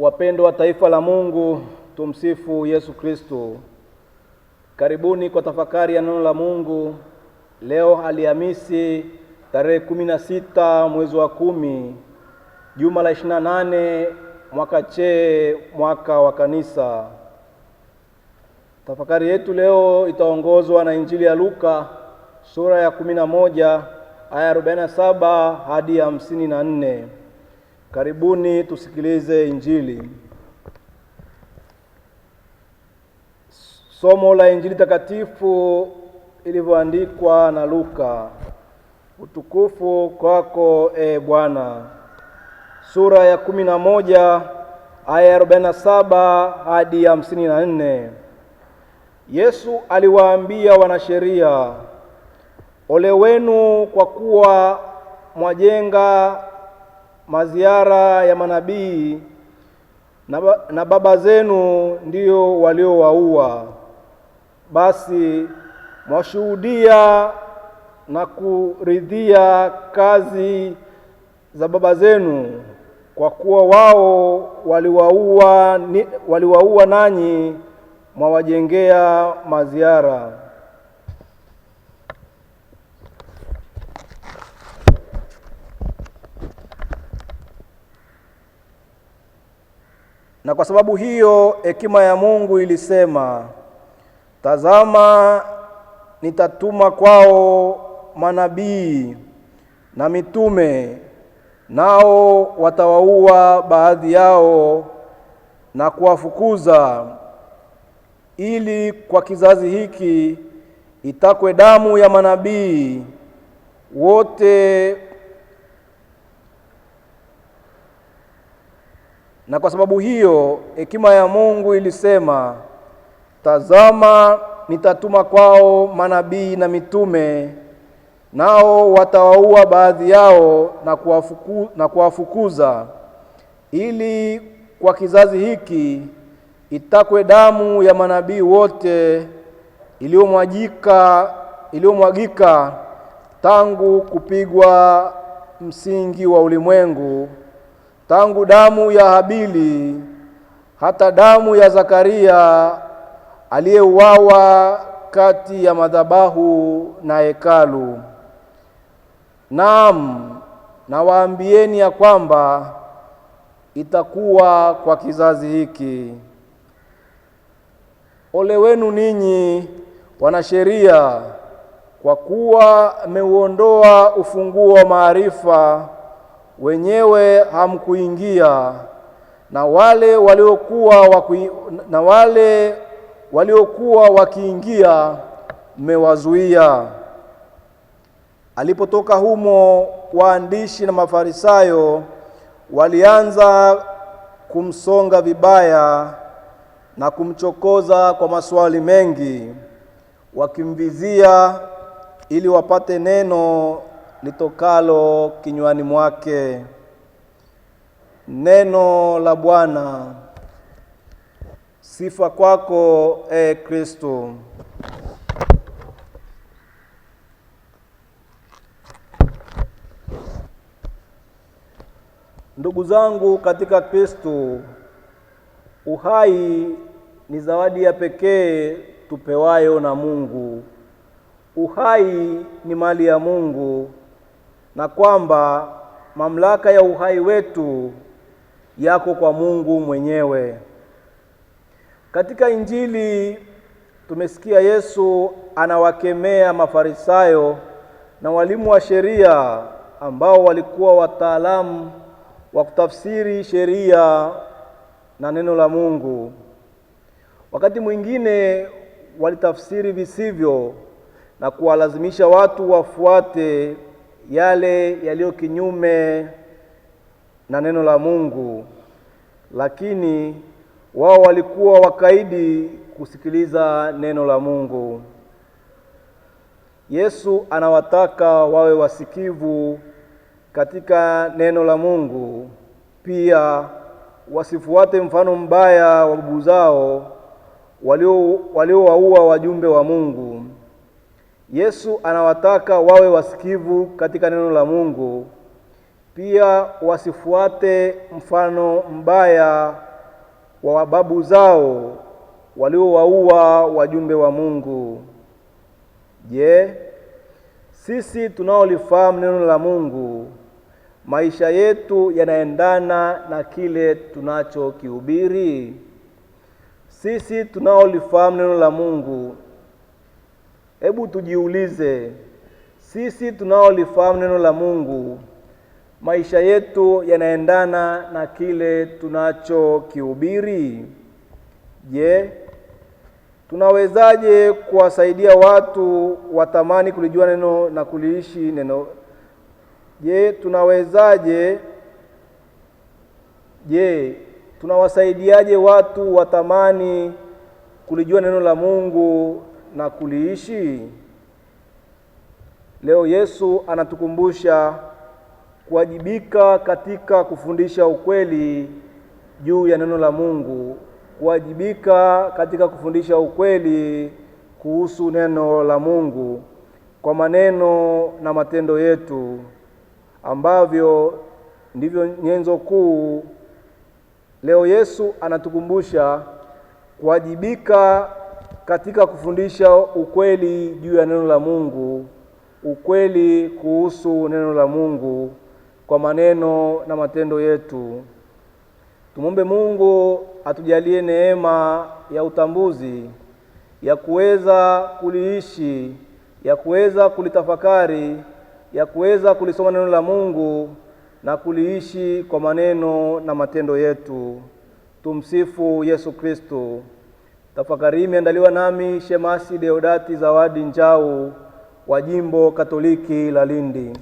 wapendo wa taifa la Mungu, tumsifu Yesu Kristo. Karibuni kwa tafakari ya neno la Mungu leo Alhamisi tarehe kumi na sita mwezi wa kumi juma la 28 mwaka chee mwaka wa kanisa. Tafakari yetu leo itaongozwa na Injili ya Luka sura ya 11 aya 47 hadi 54. Karibuni tusikilize Injili. Somo la Injili takatifu ilivyoandikwa na Luka. Utukufu kwako e Bwana. Sura ya kumi na moja aya ya arobaini na saba hadi hamsini na nne. Yesu aliwaambia wanasheria, ole wenu kwa kuwa mwajenga maziara ya manabii na, ba, na baba zenu ndio waliowaua, basi mwashuhudia na kuridhia kazi za baba zenu, kwa kuwa wao waliwaua, waliwaua nanyi mwawajengea maziara. Na kwa sababu hiyo hekima ya Mungu ilisema, tazama, nitatuma kwao manabii na mitume, nao watawaua baadhi yao na kuwafukuza, ili kwa kizazi hiki itakwe damu ya manabii wote Na kwa sababu hiyo hekima ya Mungu ilisema, tazama, nitatuma kwao manabii na mitume, nao watawaua baadhi yao na kuwafuku, na kuwafukuza, ili kwa kizazi hiki itakwe damu ya manabii wote iliyomwajika iliyomwagika tangu kupigwa msingi wa ulimwengu tangu damu ya Habili hata damu ya Zakaria aliyeuawa kati ya madhabahu na hekalu. Naam, nawaambieni ya kwamba itakuwa kwa kizazi hiki. Ole wenu ninyi wanasheria, kwa kuwa mmeuondoa ufunguo wa maarifa wenyewe hamkuingia na wale waliokuwa waku, na wale waliokuwa wakiingia mmewazuia. Alipotoka humo, waandishi na Mafarisayo walianza kumsonga vibaya na kumchokoza kwa maswali mengi, wakimvizia ili wapate neno litokalo kinywani mwake. Neno la Bwana. Sifa kwako e Kristo. Ndugu zangu katika Kristo, uhai ni zawadi ya pekee tupewayo na Mungu. Uhai ni mali ya Mungu na kwamba mamlaka ya uhai wetu yako kwa Mungu mwenyewe. Katika Injili tumesikia Yesu anawakemea Mafarisayo na walimu wa sheria ambao walikuwa wataalamu wa kutafsiri sheria na neno la Mungu. Wakati mwingine walitafsiri visivyo na kuwalazimisha watu wafuate yale yaliyo kinyume na neno la Mungu, lakini wao walikuwa wakaidi kusikiliza neno la Mungu. Yesu anawataka wawe wasikivu katika neno la Mungu, pia wasifuate mfano mbaya wa babu zao waliowaua wajumbe wa Mungu. Yesu anawataka wawe wasikivu katika neno la Mungu, pia wasifuate mfano mbaya wa wababu zao waliowaua wajumbe wa Mungu. Je, sisi tunaolifahamu neno la Mungu, maisha yetu yanaendana na kile tunachokihubiri? Sisi tunaolifahamu neno la Mungu Hebu tujiulize sisi tunaolifahamu neno la Mungu, maisha yetu yanaendana na kile tunachokihubiri? Je, tunawezaje kuwasaidia watu watamani kulijua neno na kuliishi neno? Je, tunawezaje je, tunawasaidiaje watu watamani kulijua neno la Mungu na kuliishi. Leo Yesu anatukumbusha kuwajibika katika kufundisha ukweli juu ya neno la Mungu, kuwajibika katika kufundisha ukweli kuhusu neno la Mungu kwa maneno na matendo yetu, ambavyo ndivyo nyenzo kuu. Leo Yesu anatukumbusha kuwajibika katika kufundisha ukweli juu ya neno la Mungu, ukweli kuhusu neno la Mungu kwa maneno na matendo yetu. Tumwombe Mungu atujalie neema ya utambuzi, ya kuweza kuliishi, ya kuweza kulitafakari, ya kuweza kulisoma neno la Mungu na kuliishi kwa maneno na matendo yetu. Tumsifu Yesu Kristo. Tafakari imeandaliwa nami Shemasi Deodati Zawadi Njau wa Jimbo Katoliki la Lindi.